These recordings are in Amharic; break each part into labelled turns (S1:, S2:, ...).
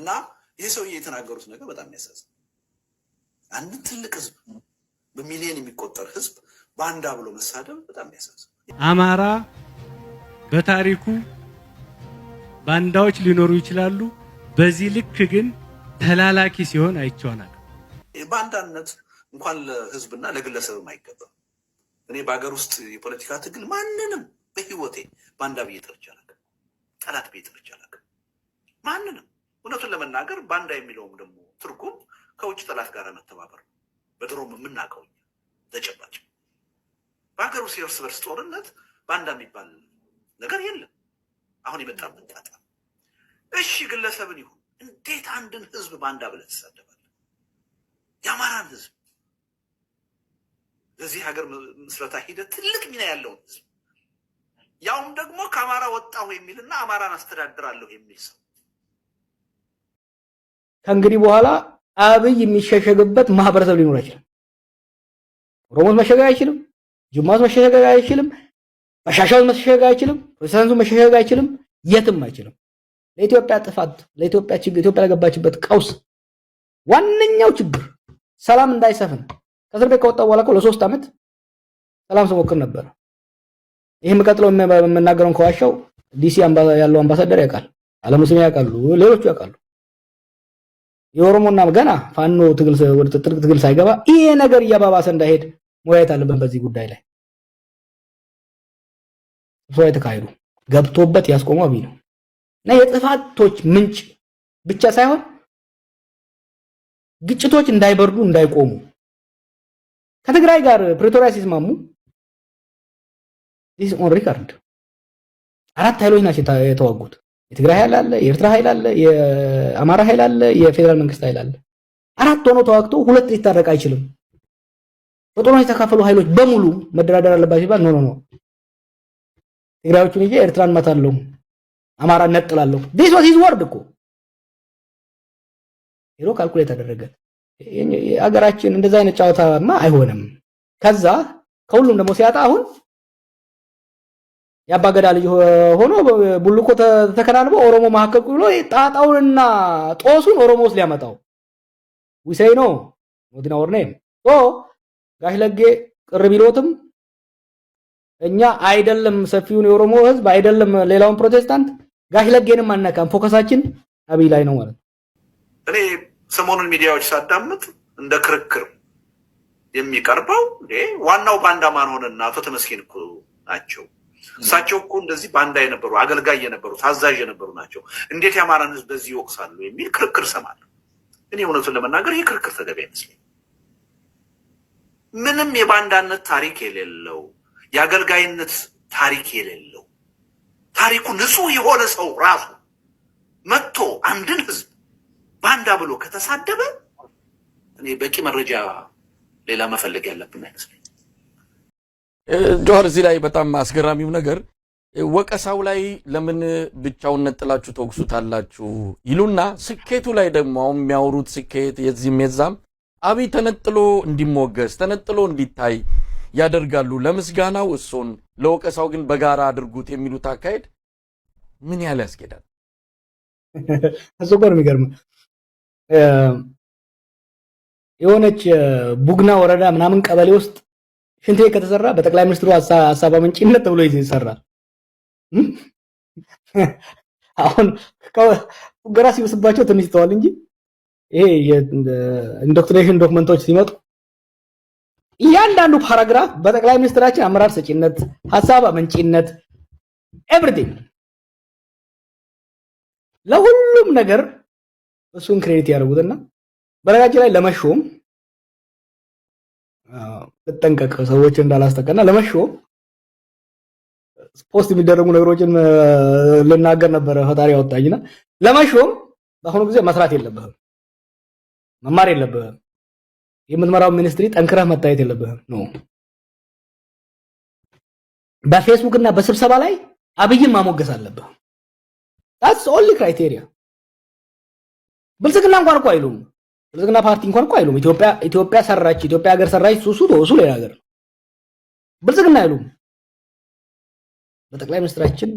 S1: እና ይህ ሰውዬ የተናገሩት ነገር በጣም የሚያሳዝን አንድ ትልቅ ህዝብ በሚሊዮን የሚቆጠር ህዝብ ባንዳ ብሎ መሳደብ በጣም የሚያሳዝን
S2: አማራ በታሪኩ ባንዳዎች ሊኖሩ ይችላሉ። በዚህ ልክ ግን ተላላኪ ሲሆን አይቸዋናል።
S1: ባንዳነት እንኳን ለህዝብና ለግለሰብም አይገባም። እኔ በሀገር ውስጥ የፖለቲካ ትግል ማንንም በህይወቴ ባንዳ ብዬ ጠርቼ አላውቅም። ጠላት ብዬ ጠርቼ አላውቅም። ማንንም እውነቱን ለመናገር ባንዳ የሚለውም ደግሞ ትርጉም ከውጭ ጠላት ጋር መተባበር ነው። በድሮም የምናውቀው ተጨባጭ በሀገር ውስጥ የእርስ በርስ ጦርነት ባንዳ የሚባል ነገር የለም። አሁን የመጣብን ጣጣ። እሺ ግለሰብን ይሁን እንዴት አንድን ህዝብ ባንዳ ብለህ ትሳደባለህ? የአማራን ህዝብ ለዚህ ሀገር ምስረታ ሂደት ትልቅ ሚና ያለውን ህዝብ ያውም ደግሞ ከአማራ ወጣሁ የሚልና አማራን አስተዳድራለሁ የሚል ሰው
S2: ከእንግዲህ በኋላ አብይ የሚሸሸግበት ማህበረሰብ ሊኖር አይችልም። ኦሮሞስ መሸሸግ አይችልም። ጅማስ መሸሸግ አይችልም። በሻሻዝ መሸሸግ አይችልም። ፕሮቴስታንቱ መሸሸግ አይችልም። የትም አይችልም። ለኢትዮጵያ ጥፋት፣ ለኢትዮጵያ ችግር፣ ኢትዮጵያ ለገባችበት ቀውስ ዋነኛው ችግር ሰላም እንዳይሰፍን ከእስር ቤት ከወጣ በኋላ ለሶስት ዓመት ሰላም ስሞክር ነበር። ይህ የምቀጥለው የምናገረውን ከዋሻው ዲሲ ያለው አምባሳደር ያውቃል፣ አለሙስሊም ያውቃሉ፣ ሌሎቹ ያውቃሉ። የኦሮሞና ገና ፋኖ ትግል ሳይገባ ይሄ ነገር እያባባሰ እንዳይሄድ መወያየት አለብን። በዚህ ጉዳይ ላይ ስብሰባ የተካሄዱ ገብቶበት ያስቆመው አብይ ነው እና የጥፋቶች ምንጭ ብቻ ሳይሆን ግጭቶች እንዳይበርዱ እንዳይቆሙ ከትግራይ ጋር ፕሪቶሪያ ሲስማሙ ኦን ሪካርድ አራት ኃይሎች ናቸው የተዋጉት። የትግራይ ኃይል አለ፣ የኤርትራ ኃይል አለ፣ የአማራ ኃይል አለ፣ የፌዴራል መንግስት ኃይል አለ። አራት ሆኖ ተዋግቶ ሁለት ሊታረቅ አይችልም። በጦርነት የተካፈሉ ኃይሎች በሙሉ መደራደር አለባቸው ሲባል ኖ ኖ ኖ ትግራዮቹን ይዤ ኤርትራን መታለሁ፣ አማራ እነጥላለሁ። ዲስ ሂዝ ወርድ እኮ ሄዶ ካልኩሌት አደረገ። አገራችን እንደዛ አይነት ጨዋታማ አይሆንም። ከዛ ከሁሉም ደግሞ ሲያጣ አሁን ያባገዳ ልጅ ሆኖ ቡልኮ ተከናንቦ ኦሮሞ መካከል ብሎ ጣጣውንና ጦሱን ኦሮሞ ውስጥ ሊያመጣው ዊሰይ ነው ወዲና ወርኔ ኦ ጋሽ ለጌ ቅር ቢሎትም እኛ አይደለም ሰፊውን የኦሮሞ ህዝብ አይደለም ሌላውን ፕሮቴስታንት ጋሽ ለጌንም አነካም። ፎከሳችን አብይ ላይ ነው ማለት
S1: እኔ ሰሞኑን ሚዲያዎች ሳዳምጥ እንደ ክርክር የሚቀርበው ዋናው ባንዳማን ሆነና ፍትህ መስኪን እኮ ናቸው እሳቸው እኮ እንደዚህ ባንዳ የነበሩ አገልጋይ የነበሩ ታዛዥ የነበሩ ናቸው። እንዴት የአማራን ህዝብ በዚህ ይወቅሳሉ? የሚል ክርክር እሰማለሁ። እኔ እውነቱን ለመናገር ይህ ክርክር ተገቢ አይመስለኝም። ምንም የባንዳነት ታሪክ የሌለው የአገልጋይነት ታሪክ የሌለው ታሪኩ ንጹህ የሆነ ሰው ራሱ መጥቶ አንድን ህዝብ ባንዳ ብሎ ከተሳደበ እኔ በቂ መረጃ ሌላ መፈለግ ያለብን አይመስለኝም።
S2: ጆሀር እዚህ ላይ በጣም አስገራሚው ነገር ወቀሳው ላይ ለምን ብቻውን ነጥላችሁ ተወቅሱታላችሁ ይሉና ስኬቱ ላይ ደግሞ አሁን የሚያወሩት ስኬት የዚህም የዛም አብይ ተነጥሎ እንዲሞገስ ተነጥሎ እንዲታይ ያደርጋሉ። ለምስጋናው እሱን ለወቀሳው ግን በጋራ አድርጉት የሚሉት አካሄድ ምን ያህል ያስኬዳል? አስቸጋሪ የሚገርም የሆነች ቡግና ወረዳ ምናምን ቀበሌ ውስጥ ሽንት ቤት ከተሰራ በጠቅላይ ሚኒስትሩ ሀሳብ አመንጭነት ተብሎ ይሰራል። አሁን ፉገራ ሲብስባቸው ትንሽ ይተዋል እንጂ ይሄ ኢንዶክትሪኔሽን ዶክመንቶች ሲመጡ እያንዳንዱ ፓራግራፍ በጠቅላይ ሚኒስትራችን አመራር ሰጪነት፣ ሀሳብ አመንጭነት፣ ኤቭሪቲንግ ለሁሉም ነገር እሱን ክሬዲት ያደርጉትና በነገራችን ላይ ለመሾም ልጠንቀቅ፣ ሰዎች እንዳላስጠቀና ለመሾም ፖስት የሚደረጉ ነገሮችን ልናገር ነበረ። ፈጣሪ ያወጣኝና ለመሾም በአሁኑ ጊዜ መስራት የለብህም፣ መማር የለብህም፣ የምትመራው ሚኒስትሪ ጠንክረህ መታየት የለብህም ነው። በፌስቡክ እና በስብሰባ ላይ አብይን ማሞገስ አለብህ። ታስ ኦንሊ ክራይቴሪያ ብልጽግና እንኳን እኮ አይሉም። ብልጽግና ፓርቲ እንኳን እኮ አይሉም ኢትዮጵያ ኢትዮጵያ ሰራች ኢትዮጵያ ሀገር ሰራች ሱሱ ተወሱ ሌላ ሀገር ብልጽግና አይሉም። በጠቅላይ ሚኒስትራችን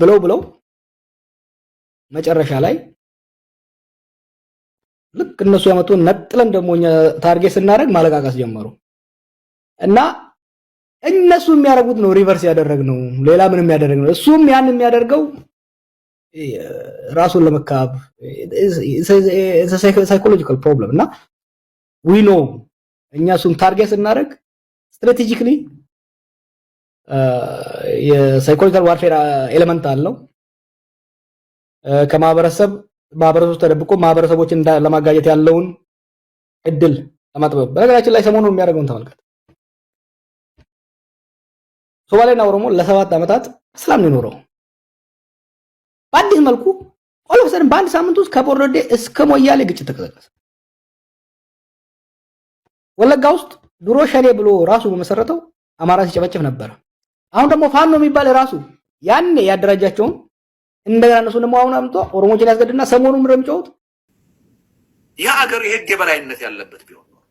S2: ብለው ብለው መጨረሻ ላይ ልክ እነሱ ያመጡ ነጥለን ደግሞ እኛ ታርጌት ስናደርግ ማለቃቀስ ጀመሩ እና እነሱ የሚያደርጉት ነው ሪቨርስ ያደረግነው ሌላ ምንም ያደረግነው እሱም ያን የሚያደርገው ራሱን ለመካብ ሳይኮሎጂካል ፕሮብለም እና ዊኖ እኛ እሱን ታርጌት ስናደርግ ስትራቴጂካሊ የሳይኮሎጂካል ዋርፌር ኤሌመንት አለው። ከማህበረሰብ ማህበረሰቡ ተደብቆ ማህበረሰቦችን ለማጋጀት ያለውን እድል ለማጥበብ በነገራችን ላይ ሰሞኑን የሚያደርገውን ተመልከት። ሶማሌና ኦሮሞ ለሰባት ዓመታት ሰላም ነው የኖረው። በአዲስ መልኩ ኦሎፍሰን በአንድ ሳምንት ውስጥ ከቦርዶዴ እስከ ሞያሌ ግጭት ተቀሰቀሰ። ወለጋ ውስጥ ድሮ ሸኔ ብሎ ራሱ በመሰረተው አማራ ሲጨፈጭፍ ነበረ። አሁን ደግሞ ፋኖ የሚባል ራሱ ያኔ ያደራጃቸውን እንደገና እነሱ ደግሞ አሁን አምጥቶ ኦሮሞችን ያስገድና ሰሞኑን ረምጫውት
S1: የሀገር የህግ የበላይነት ያለበት ቢሆን ነው፣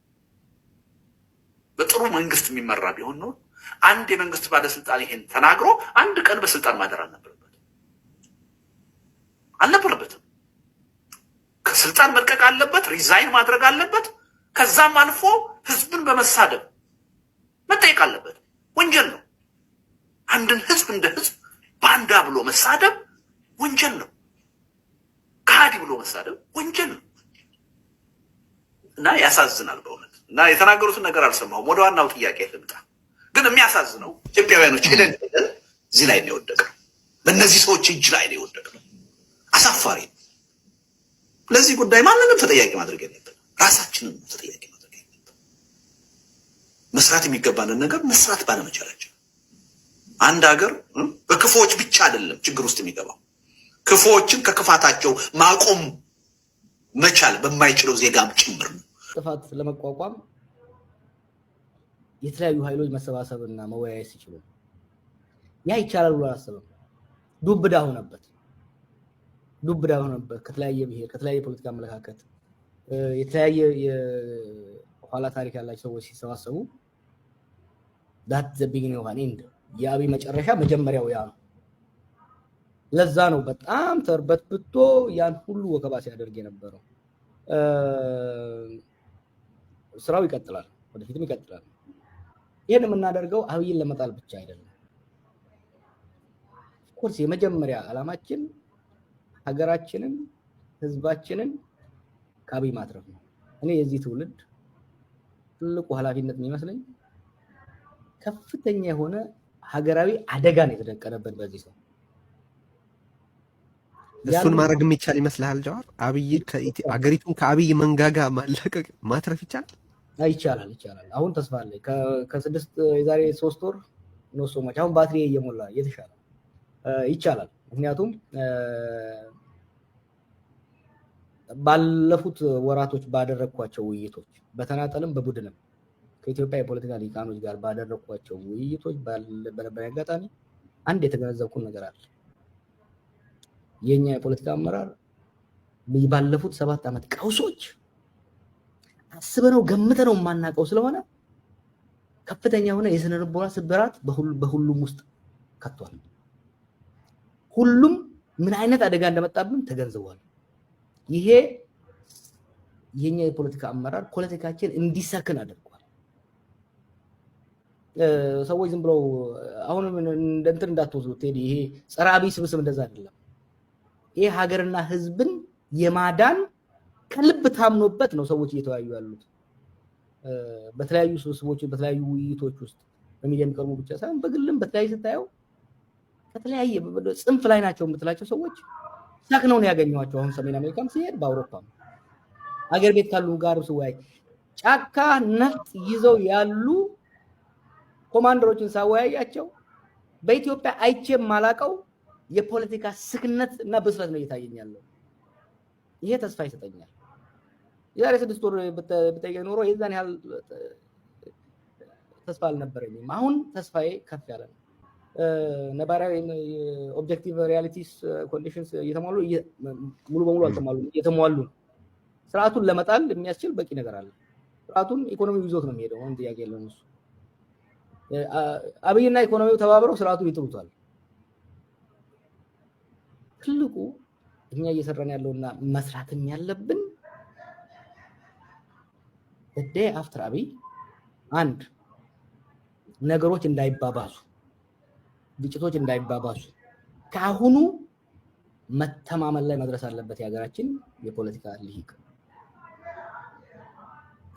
S1: በጥሩ መንግስት የሚመራ ቢሆን ነው። አንድ የመንግስት ባለስልጣን ይሄን ተናግሮ አንድ ቀን በስልጣን ማደር አልነበረ አልነበረበትም። ከስልጣን መልቀቅ አለበት፣ ሪዛይን ማድረግ አለበት። ከዛም አልፎ ህዝብን በመሳደብ መጠየቅ አለበት። ወንጀል ነው። አንድን ህዝብ እንደ ህዝብ ባንዳ ብሎ መሳደብ ወንጀል ነው። ከሃዲ ብሎ መሳደብ ወንጀል ነው እና ያሳዝናል በእውነት እና የተናገሩትን ነገር አልሰማሁም። ወደ ዋናው ጥያቄ ልምጣ። ግን የሚያሳዝነው ኢትዮጵያውያኖች ሄደን እዚህ ላይ ነው የወደቀ፣ በእነዚህ ሰዎች እጅ ላይ ነው የወደቀ። አሳፋሪ ነው። ለዚህ ጉዳይ ማንንም ተጠያቂ ማድረግ የለብን፣ ራሳችንን ተጠያቂ ማድረግ የለብን። መስራት የሚገባንን ነገር መስራት ባለመቻላችን አንድ ሀገር በክፎች ብቻ አይደለም ችግር ውስጥ የሚገባው ክፎችን ከክፋታቸው ማቆም መቻል በማይችለው ዜጋም ጭምር ነው።
S2: ጥፋት ለመቋቋም የተለያዩ ኃይሎች መሰባሰብና መወያየት ሲችሉ ያ ይቻላል ብሎ አላሰበም። ዱብዳ ሆነበት። ዱብ እዳ ከተለያየ ብሄር ከተለያየ ፖለቲካ አመለካከት የተለያየ የኋላ ታሪክ ያላቸው ሰዎች ሲሰባሰቡ ዳት ዘቢግን ቢግኒንግ ኦፍ የአብይ መጨረሻ መጀመሪያው ያ ነው። ለዛ ነው በጣም ተርበትብቶ ያን ሁሉ ወከባ ሲያደርግ የነበረው። ስራው ይቀጥላል፣ ወደፊትም ይቀጥላል። ይህን የምናደርገው አብይን ለመጣል ብቻ አይደለም። ኮርስ የመጀመሪያ ዓላማችን ሀገራችንን ህዝባችንን ከአብይ ማትረፍ ነው። እኔ የዚህ ትውልድ ትልቁ ኃላፊነት የሚመስለኝ ከፍተኛ የሆነ ሀገራዊ አደጋ ነው የተደቀነበት በዚህ ሰው። እሱን ማድረግ የሚቻል ይመስልሃል ጀዋር? አብይ አገሪቱን ከአብይ መንጋጋ ማለቀቅ ማትረፍ ይቻላል? ይቻላል፣ ይቻላል። አሁን ተስፋ አለኝ። ከስድስት የዛሬ ሶስት ወር ኖሶ መች አሁን ባትሪ እየሞላ እየተሻለ ይቻላል። ምክንያቱም ባለፉት ወራቶች ባደረግኳቸው ውይይቶች በተናጠልም በቡድንም ከኢትዮጵያ የፖለቲካ ሊቃኖች ጋር ባደረግኳቸው ውይይቶች በነበረ አጋጣሚ አንድ የተገነዘብኩን ነገር አለ። የእኛ የፖለቲካ አመራር ባለፉት ሰባት ዓመት ቀውሶች አስበነው ገምተነው የማናውቀው ስለሆነ ከፍተኛ የሆነ የስነ ልቦና ስብራት በሁሉም ውስጥ ከቷል። ሁሉም ምን አይነት አደጋ እንደመጣብን ተገንዝቧል። ይሄ የኛ የፖለቲካ አመራር ፖለቲካችን እንዲሰክን አድርጓል። ሰዎች ዝም ብለው አሁን እንደንትን እንዳትወስዱ ቴዲ፣ ይሄ ጸረ አብይ ስብስብ እንደዛ አይደለም። ይሄ ሀገርና ህዝብን የማዳን ከልብ ታምኖበት ነው ሰዎች እየተወያዩ ያሉት። በተለያዩ ስብስቦች፣ በተለያዩ ውይይቶች ውስጥ በሚዲያ የሚቀርቡ ብቻ ሳይሆን በግልም በተለያዩ ስታየው ከተለያየ ጽንፍ ላይ ናቸው የምትላቸው ሰዎች ሰክነው ነው ያገኘኋቸው። አሁን ሰሜን አሜሪካም ሲሄድ በአውሮፓም አገር ቤት ካሉ ጋር ስወያይ ጫካ ነፍጥ ይዘው ያሉ ኮማንደሮችን ሳወያያቸው በኢትዮጵያ አይቼ ማላቀው የፖለቲካ ስክነት እና ብስለት ነው እየታየኝ ያለው። ይሄ ተስፋ ይሰጠኛል። የዛሬ ስድስት ወር ብጠየቅ ኖሮ የዛን ያህል ተስፋ አልነበረኝም። አሁን ተስፋዬ ከፍ ያለ ነው። ነባራዊ ኦብጀክቲቭ ሪያሊቲስ ኮንዲሽንስ እየተሟሉ ሙሉ በሙሉ አልተሟሉ እየተሟሉ ስርዓቱን ለመጣል የሚያስችል በቂ ነገር አለ። ስርዓቱን ኢኮኖሚው ይዞት ነው የሚሄደው። አሁን ጥያቄ የለውም እሱ። አብይና ኢኮኖሚው ተባብረው ስርዓቱ ይጥሩታል ትልቁ እኛ እየሰራን ያለውና መስራትም ያለብን ዴይ አፍትር አብይ አንድ ነገሮች እንዳይባባሱ ግጭቶች እንዳይባባሱ ከአሁኑ መተማመን ላይ መድረስ አለበት የሀገራችን የፖለቲካ ልሂቅ።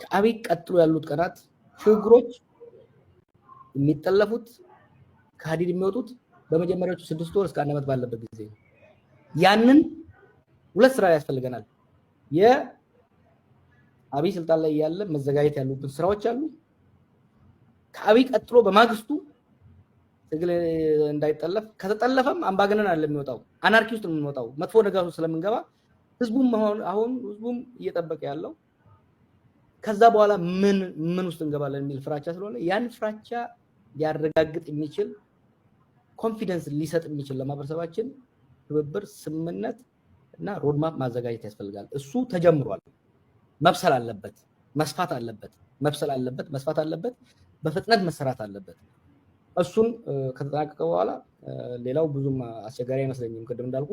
S2: ከአብይ ቀጥሎ ያሉት ቀናት ሽግግሮች የሚጠለፉት ከሀዲድ የሚወጡት በመጀመሪያዎቹ ስድስት ወር እስከ አንድ ዓመት ባለበት ጊዜ ነው። ያንን ሁለት ስራ ያስፈልገናል። የአብይ ስልጣን ላይ ያለ መዘጋጀት ያሉብን ስራዎች አሉ። ከአብይ ቀጥሎ በማግስቱ ትግል እንዳይጠለፍ ከተጠለፈም አምባገነን አለ የሚወጣው አናርኪ ውስጥ የምንወጣው መጥፎ ነገር ስለምንገባ ህዝቡም አሁን ህዝቡም እየጠበቀ ያለው ከዛ በኋላ ምን ምን ውስጥ እንገባለን የሚል ፍራቻ ስለሆነ ያን ፍራቻ ሊያረጋግጥ የሚችል ኮንፊደንስ ሊሰጥ የሚችል ለማህበረሰባችን ትብብር፣ ስምምነት እና ሮድማፕ ማዘጋጀት ያስፈልጋል። እሱ ተጀምሯል። መብሰል አለበት፣ መስፋት አለበት፣ መብሰል አለበት፣ መስፋት አለበት፣ በፍጥነት መሰራት አለበት። እሱን ከተጠናቀቀ በኋላ ሌላው ብዙም አስቸጋሪ አይመስለኝም። ቅድም እንዳልኩ